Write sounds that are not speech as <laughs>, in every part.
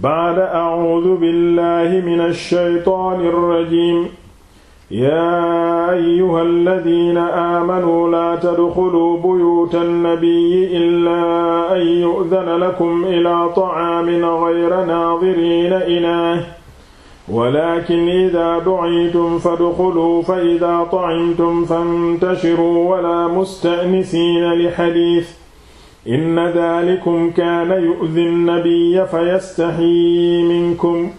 baada acuudu billahi min alshaytaani alrajim yaa ayuha alladina aamanuu laa tadxuluu buyuuta annabiyi illaa an yu'dana lakum ilaa tacaamin gayra naadiriina inaah walakin ida duciitum fadxuluu fa ida tacimtum fantashiruu wala musta'nisiina lixadiis inna daalikum kaana yu'di nabiyya fa yastaxyi minkum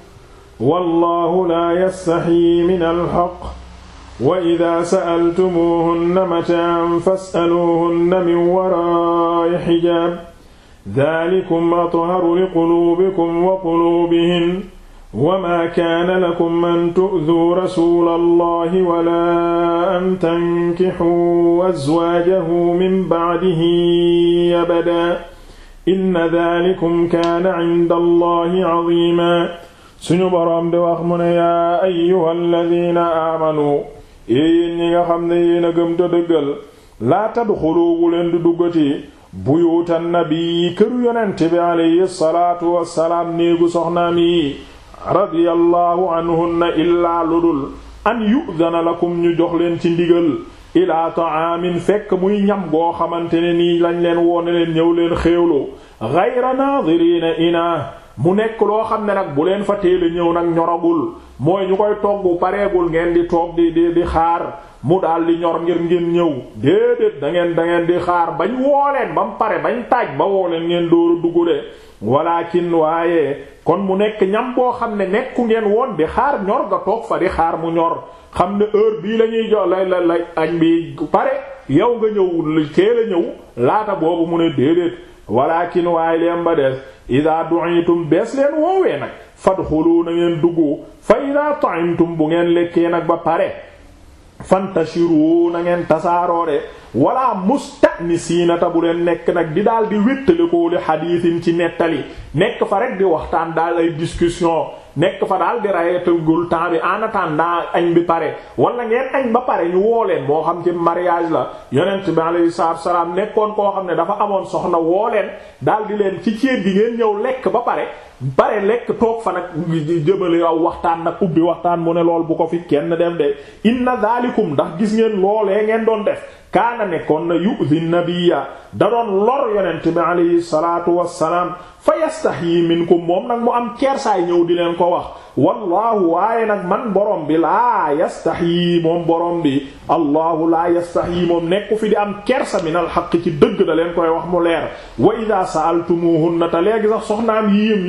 wallahu laa yastaxyi min alxaq wa idaa sa'altumuuhunna mataan fas'aluuhunna min waraa'i xijaab daalikum atharu liquluubikum wa quluubihin وما كان لكم أن تؤذوا رسول الله ولا أن تنكحوا أزواجه من بعده أبدا إن ذلكم كان عند الله عظيما suñu boroom di wax mu ne yaa ayyuha alladina aamanu yéen ñi nga xam ne yéen a gëm te dëggal laa tadxulu wu leen di duggati buyuutan nabi këru yonent bi alayhi salaatu wassalaam néegu soxnaam yi radiyallahu anhunna illaa ludul an yu'dana lakum ñu jox leen ci ndigal ilaa ta'aamin fekk muy ñam goo xamante ne nii lañ leen woone leen ñëw leen xéewloo ghayra naadiriina inaa mu nekk loo xam ne nag bu leen fa téele ñëw nag ñoragul mooy ñu koy togg pareegul ngeen di toog di xaar mu daal di ñor ngir ngeen ñëw déedéet dangeen ngeen di xaar bañ wooleen ba mu pare bañ taaj ba wooleen ngeen dóoru dugg de walakin waaye kon mu nekk ñam boo xam ne nekku ngeen woon di xaar ñor nga toog fa di xaar mu ñor xam ne heure bii lañuy jox lay la lay añ bi pare yow nga ñëw teel a ñëw laata boobu mu ne déedéet walakin waaye leen ba des ida du'itum bees leen woowee nag fadxulu na ngeen dugg fa ida ta'imtum bu ngeen lekkee nag ba pare fantashiru na ngeen tasaaroo de wala mustanisiina ta bu leen nekk nag di daal di wéttalikoo li xadiisin ci nettali nekk fa rek di waxtaan daal ay discussion nekk fa daal di rayetagul temps bi en attendant añ bi pare wala ngeen añ ba pare ñu woo leen moo xam ci mariage la yonent bi alayhi salaatu salaam nekkoon koo xam ne dafa amoon soxna woo leen daal di leen ci ceet gi ngeen ñëw lekk ba pare bare lekk toog fa nag jëmale aw waxtaan nag ubbi waxtaan mu ne lool bu ko fi kenn dem de inna daalikum ndax gis ngeen loolee ngeen doon def kaana nekkoon na yu'dhi nabiyya da doon lor yonent bi alayhi salaatu wassalaam fa yastaxyi minkum moom nag mu am kersaay ñëw di leen ko wax wallaahu waaye nag man borom bi laa yastaxyi moom borom bi allahu laa yastaxyi moom nekku fi di am kersa min alxaq ci dëgg da leen koy wax mu leer wa idaa sa'altumuhunna te léegi sax soxnaam yii yëm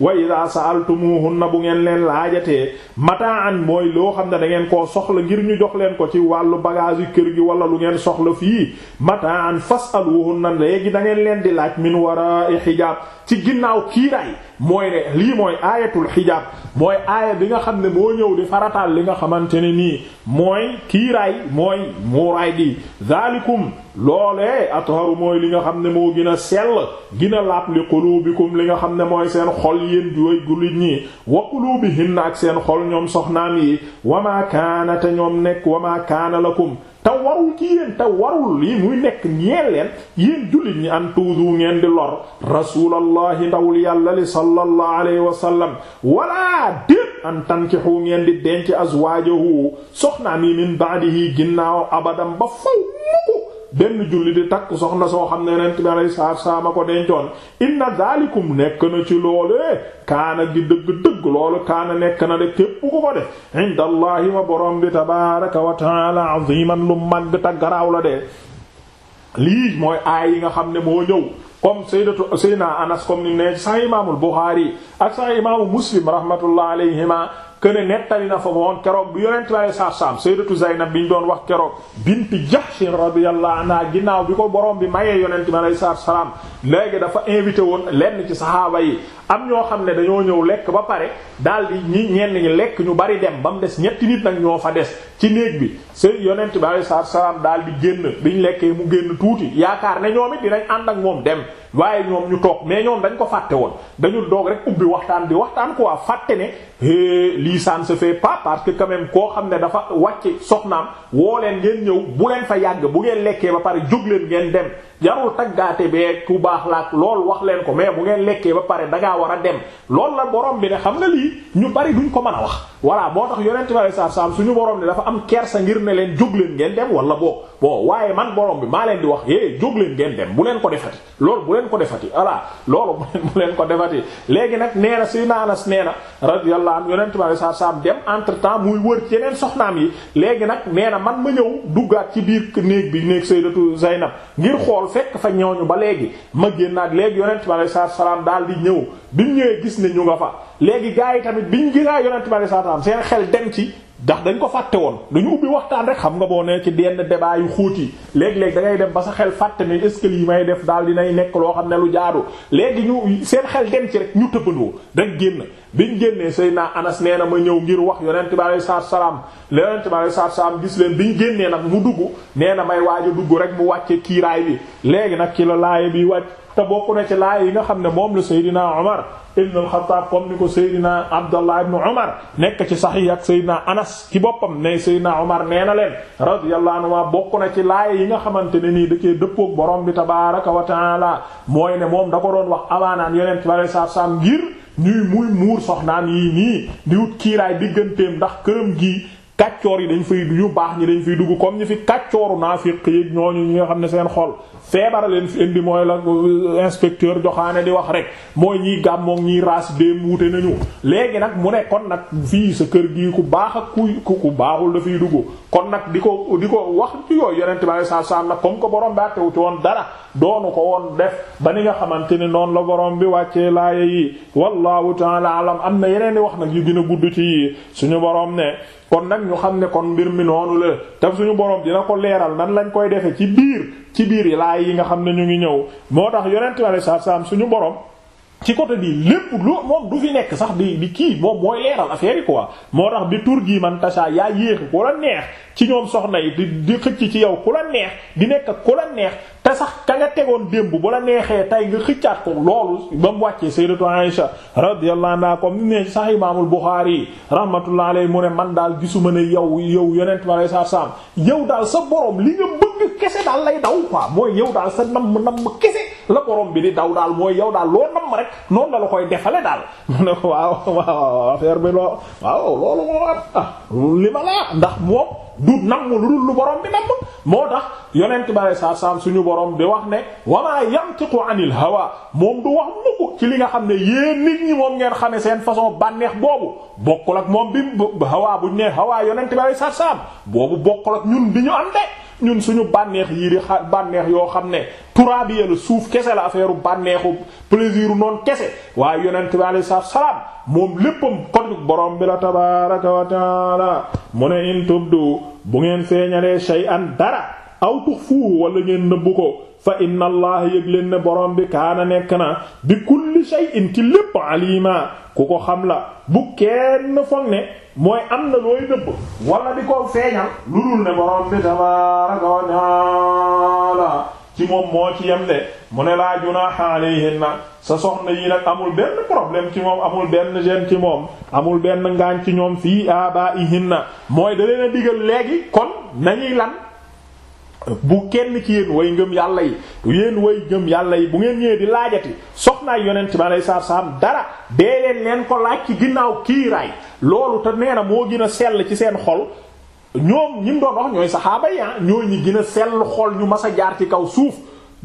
wa idha sa'altumuhunna bu ngeen leen laajatee an mooy loo xam ne da ngeen koo soxla ngir ñu jox leen ko ci wàllu bagage yi kër gi wala lu ngeen soxla fii mata'an na léegi dangeen leen di laaj min wara'i hijab ci ginnaaw kiiraay mooy ne lii mooy aayatul hijab mooy aaya bi nga xam ne moo ñëw di farataal li nga xamante ne nii mooy kiiraay mooy muuraay di zalikum loolee atharu mooy li nga xam ne moo gin a sell gën a laab li qulubikum li nga xam ne mooy seen xol yéen jooy gulit ñi wa qulubihinna ak seen xol ñoom soxnaan yi wama kaana te ñoom nekk wama kaana lakum te warul ci yéen te warul yi muy nekk ñeel leen yéen jullit ñi an tuudu ngeen di lor rasulallahi ndawul yàlla li sallallahu alayhi wa sallam wala déet an tankixu ngeen di denc azwaajahu soxnaam yi min baadihi ginnaaw abadam ba faw benn julli di takk soxna soo xam ne yonent bi alayhi salaatu ko dencoon inna zaalikum nekk na ci loolee kaana gi dëgg-dëgg loolu kaana nekk na de képp ku ko de lii mooy aay yi nga xam ne moo ñëw comme sayyidatu sayna anas comme ni ne sax imaamul buxaari ak sax imaamu muslim rahmatullah alayhima këne nettali na fa moom keroog bu yonent lay sarsam sayyidatu Zaynab bi ñu doon wax keroog binti Jahsh radiyallahu anha ginnaaw bi ko borom bi mayee yonent bi lay salaam léegi dafa invité woon lenn ci saxaaba yi am ñoo xam ne dañoo ñëw lekk ba pare daal di ñi ñenn ñi lekk ñu bari dem ba mu des ñetti nit nag ñoo fa des ci néeg bi seen yonent bi alayhi salaatu salaam daal di bi ñu lekkee mu génn tuuti yaakaar ne ñoom it dinañ ànd ak moom dem waaye ñoom ñu toog mais ñoom dañ ko fàtte woon dañu doog rek ubbi waxtaan bi waxtaan quoi fàtte ne lii ça ne se fait parce que quand koo xam ne dafa wàcc soxnaam woo leen ngeen ñëw bu leen fa yàgg bu ngeen lekkee ba pare jóg ngeen dem jarul taggaate bee ku baax laak lool wax leen ko mais bu ngeen lekkee ba pare war a dem loolu la borom bi ne xam nga lii ñu bari duñ ko mën a wax voilà moo tax yonent bi saa saam suñu borom ne dafa am kersa ngir ne leen jóg leen ngeen dem wala boog bon waaye man borom bi maa leen di wax é eh, jóg ngeen dem bu leen ko defati loolu bu ko defati voilà loolu <laughs> leen ko defati léegi nag nee na suy naanas nee na radiyallahu anhu yonent bi saa saam dem entre temps muy wër ci yeneen soxnaam yi léegi nag man ma ñëw duggaat ci biir néeg bi néeg sayyidatu Zaynab ngir xool fekk fa ñooñu ba léegi ma génnaat léegi yonent bi saa salaam daal di ñëw bi mu ñëwee gis ne ñu nga fa léegi gars yi tamit biñ gisaa yonent bi alayhi salaam seen xel dem ci ndax dañ ko fàtte woon dañu ubbi waxtaan rek xam nga boo ne ci denn débat yu xóot yi léeg-léeg da ngay dem xel fàtte ne est may def daal dinay nekk loo xam ne lu jaadu léegi ñu seen xel dem ci rek ñu tëbbandoo rek génn biñ génnee Seydina Anas nee na ma ñëw ngir wax yonent bi alayhi salaam yonent bi alayhi salaam gis leen biñ génnee nag mu dugg nee na may waaj a dugg rek mu wàcce kiiraay bi léegi nag ki la laaye bi wàcc te bokk na ci laay yi nga xam ne moom la Seydina Omar ibn al-Khattab comme ni ko Seydina Abdallah ibn Omar nekk ci Sahih ak Seydina Anas ci boppam ne Seydina Omar nee na leen radiyallahu anhu bokk na ci laay yi nga xamante ne nii da cee dëppook borom bi tabaaraka wa ta'ala mooy ne moom da ko doon wax amaanaan yeneen tubaabay saabsaab ngir ñuy muy muur soxnaam yii nii di wut kiiraay digganteem ndax këram gi kàccoor yi dañ fay ñu baax ñi dañ fay dugg comme ñi fi kàccooru naafiq yi ñooñu ñi nga xam ne seen xol feebara leen fi indi mooy la inspecteur joxaane di wax rek mooy ñiy gàmmoog ñiy raas déem wuute nañu léegi nag mu ne kon nag fii sa kër gi ku baax ak ku ku baaxul dafay dugg kon nag di ko di ko wax ci yooyu yonente bi saa saam nag comme que borom bi àttewu ci woon dara doonu ko woon def ba ni nga xamante ne noonu la borom bi wàccee laaya yi wallahu taala alam am na yeneen di wax nag yu gën gudd ci suñu borom ne kon nag ñu xam ne kon mbir mi noonu la tam suñu borom dina ko leeral nan lañ koy defe ci biir ci biir yi laay yi nga xam ne ñu ngi ñëw moo tax yonent wala sa sam suñu borom ci côté bi lépp loo moom du fi nekk sax bi kii moom mooy leeral affaire yi quoi moo tax bi tur gii man tasa yaa yéexi ku la neex ci ñoom soxna yi di di xëcc ci yow ku la neex di nekk ku la neex te sax ka nga tegoon démb bu la neexee tay nga xëccaat ko loolu ba mu wàccee sayyidatu Aisha radiyallahu anha comme ni ne sax imaamul Bukhari rahmatullahi alayhi mu ne man daal gisuma ne yow yow yonent bi alayhi salaam yow daal sa borom li nga bëgg kese daal lay daw quoi mooy yow daal sa nam nam kese la borom bi di daw daal mooy yow daal loo nam rek noonu la la koy defale daal <laughs> mu ne waaw waaw affaire bi loo waaw loolu moo am ah li ma la ndax moom. du namm lu dul lu borom bi namm moo tax yonent ba saa saam suñu borom di wax ne wamaa yantiqu anil hawa moom du wax mukk ci li nga xam ne yéen nit ñi moom ngeen xame seen façon bànneex boobu bokkul ak moom bi hawa buñ ne hawa yonent ba saa saam boobu bokkul ak ñun bi ñu am de ñun suñu bànneex yii di xa bànneex yoo xam ne turaabiya la suuf kese la affaire bànneexu plaisir noonu kese waaye yonent bi alayhi salaam moom léppam kodug borom bi la tabaaraka wa mu ne in tubdu bu ngeen feeñalee shay'an dara aw tuxfuhu wala ngeen nëbbu ko fa inna allaha yëg leen ne borom bi kaana nekk na bi kulli shay'in ci lépp alima ku ko xam la bu kenn mooy am na looy dëbb wala di ko feeñal lu dul ne borom bi tabaaraka wa taala ci moom moo ci yem de mu ne laa junaaha alayhinna sa soxna yi nag amul benn problème ci moom amul benn gêne ci moom amul benn ngaañ ci ñoom fii abaa'ihinna mooy da leen a digal léegi kon nañuy lan bu kenn ci yéen way ngëm yàlla yi yéen way ngëm yàlla yi bu ngeen ñëwee di laajati soxnaay yonent bi alei saatu salaam dara dee leen leen ko laaj ci ginnaaw kiiraay loolu te nee na moo gën a sell ci seen xol ñoom ñi doon wax ñooy saxaaba yi ah ñi gën a sell xol ñu mas a jaar ci kaw suuf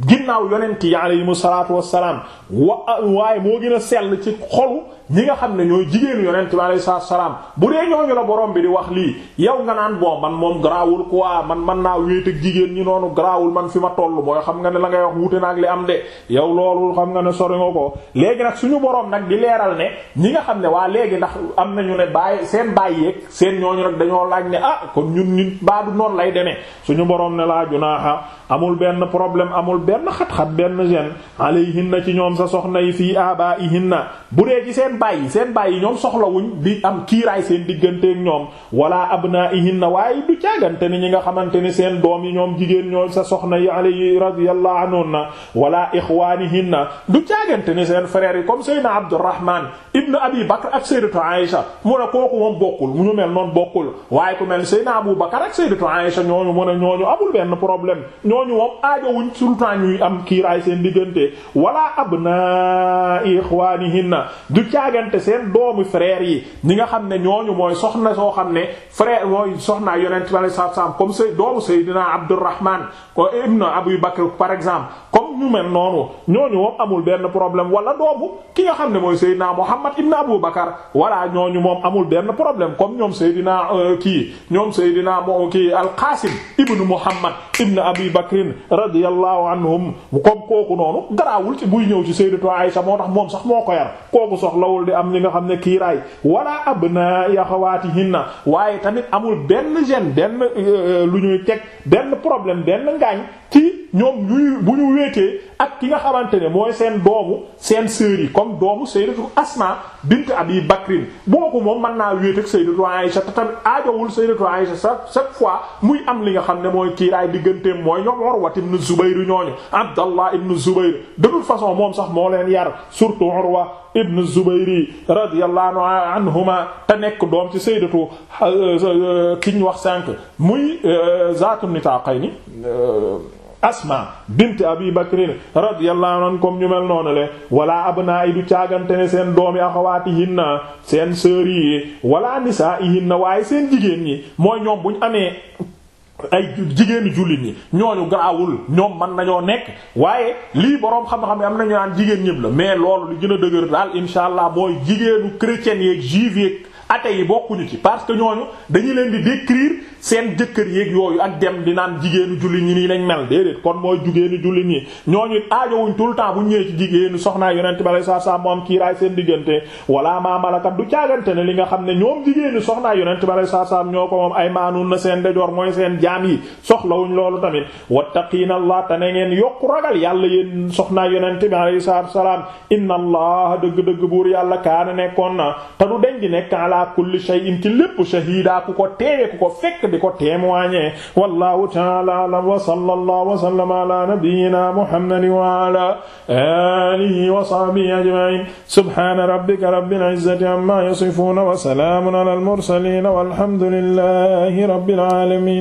ginnaaw yonent yi aleyhim salaatu wassalaam wa waaye moo gën a sell ci xolu ñi nga xam ne ñooy jigéen yonent bi alayhi salaatu salaam bu dee ñooñu la borom bi di wax lii yow nga naan bon man moom garaawul quoi man man naa wéet ak jigéen ñi noonu garaawul man fi ma toll booy xam nga ne la ngay wax wuute na ak li am de yow loolu xam nga ne sori nga ko léegi nag suñu borom nag di leeral ne ñi nga xam ne waa léegi ndax am nañu ne bàyyi seen bàyyi yeeg seen ñooñu nag dañoo laaj ne ah kon ñun ñun baadu noonu lay demee suñu borom ne laa junaaha amul benn problème amul benn xat-xat benn gêne alayhinna ci ñoom sa soxna yi fii seen bàyyi seen bàyyi ñoom soxlawuñ di am kiiraay seen digganteeg ñoom wala abnaihinna waaye du caagante ni ñi nga xamante ne seen doom yi ñoom jigéen ñoom sa soxna yi alayhi radiyallahu anhunna wala ixwanihinna du caagante ni seen frères yi comme saydna Abdurrahman ibn Abi Bakr ak sayyidatu Aïsha mu ne kooku moom bokkul mu ñu mel noonu bokkul waaye ku mel saydna Abu Bakr ak sayyidatu Aïsha ñooñu mu ne ñooñu amul benn problème ñooñu moom aajowuñ sultaan ñuy am kiiraay seen diggante wala abna ixwanihinna du caagante seen doomu frère yi ñi nga xam ne ñooñu mooy soxna soo xam ne frère mooy soxnaa yonent bi sallallahu alayhi comme say doomu Seydina Abdurrahman ko ibn Abu Bakr par exemple moom ñu mel noonu ñooñu moom amul benn problème wala doomu ki nga xam ne mooy Seydina Muhammad ibn Abu Bakar ñoo ñooñu moom amul benn problème comme ñoom Seydina euh, kii ñoom Seydina moo kii al-Qasim ibn Muhammad ibn Abi Bakrin radiyallahu anhum comme kooku noonu garaawul ci buy ñëw ci Sayyidatu Aisha moo tax moom sax moo ko yar kooku soxlawul di am li nga xam ne kiiraay wala abna yaxawaatihinna waaye tamit amul benn gêne benn euh, lu ñuy teg benn problème benn ñoom ñuy bu ñu weetee ak ki nga xamante ne mooy seen doomu seen sœurs yi comme doomu sayyidatu Asma bint Abi Bakrin boobu moom mën naa wéet ak sayyidatu Aïsha te tamit aajowul sayyidatu Aïsha fois muy am li nga xam ne mooy kiiraay digganteem mooy ñoom Urwa ibn Zubayr ñooñu Abdallah ibn Zubayr de toute façon moom sax moo leen yar surtout Urwa ibn Zubayr yi radiyallahu anhuma te nekk doom ci sayyidatu euh, euh, euh, ki ñu wax sànq muy zaatu nitaqayni asma bint abi bakrin radiyallahu anha comme ñu mel noonu le wala abnaa yi du caagante ne seen doomi axawaatihinna seen sœurs yi wala nisaa'ihinna waaye seen jigéen ñi mooy ñoom buñ amee ay jigéenu jullit ñi ñooñu garaawul ñoom man nañoo nekk waaye lii boroom xam-xam yi am nañu naan jigéen ñëpp la mais loolu li gën a dëgër daal insha allah mooy jigéenu chrétiens yeeg juifs yeeg ate yi bokkuñu ci parce que ñooñu dañu leen di décrire seen jëkkër yéeg yooyu ak dem di naan jigéenu julli ñi nii lañ mel déedéet kon mooy jigéenu julli ñi ñooñu aajowuñ tout le temps bu ñëwee ci jigéenu soxna yonent bi alei satu salaam moom kiiraay diggante wala malakat du caagante ne li nga xam ne ñoom jigéenu soxnaa yonent bi alei satu salaam ñoo ko moom ay maanuun na seen dejoor mooy seen jaam yi soxlawuñ loolu tamit wattaqiina allah te ne ngeen yokku ragal yàlla yéen soxnaa yonent bi alei salatu salaam inna allah dëgg-dëgg buur yàlla kaana nekkoon na te du deñ ala kulli shay'in ci lépp shahida ku ko teewe ku ko fekk di ko témoigner wallahu ta'ala a'lam wa sallallahu wa sallama ala nabiyyina muhammadin wa ala alihi wa sahbihi ajma'in subhana rabbika rabbil izzati amma yasifun wa salamun ala al mursalin walhamdulillahi rabbil alamin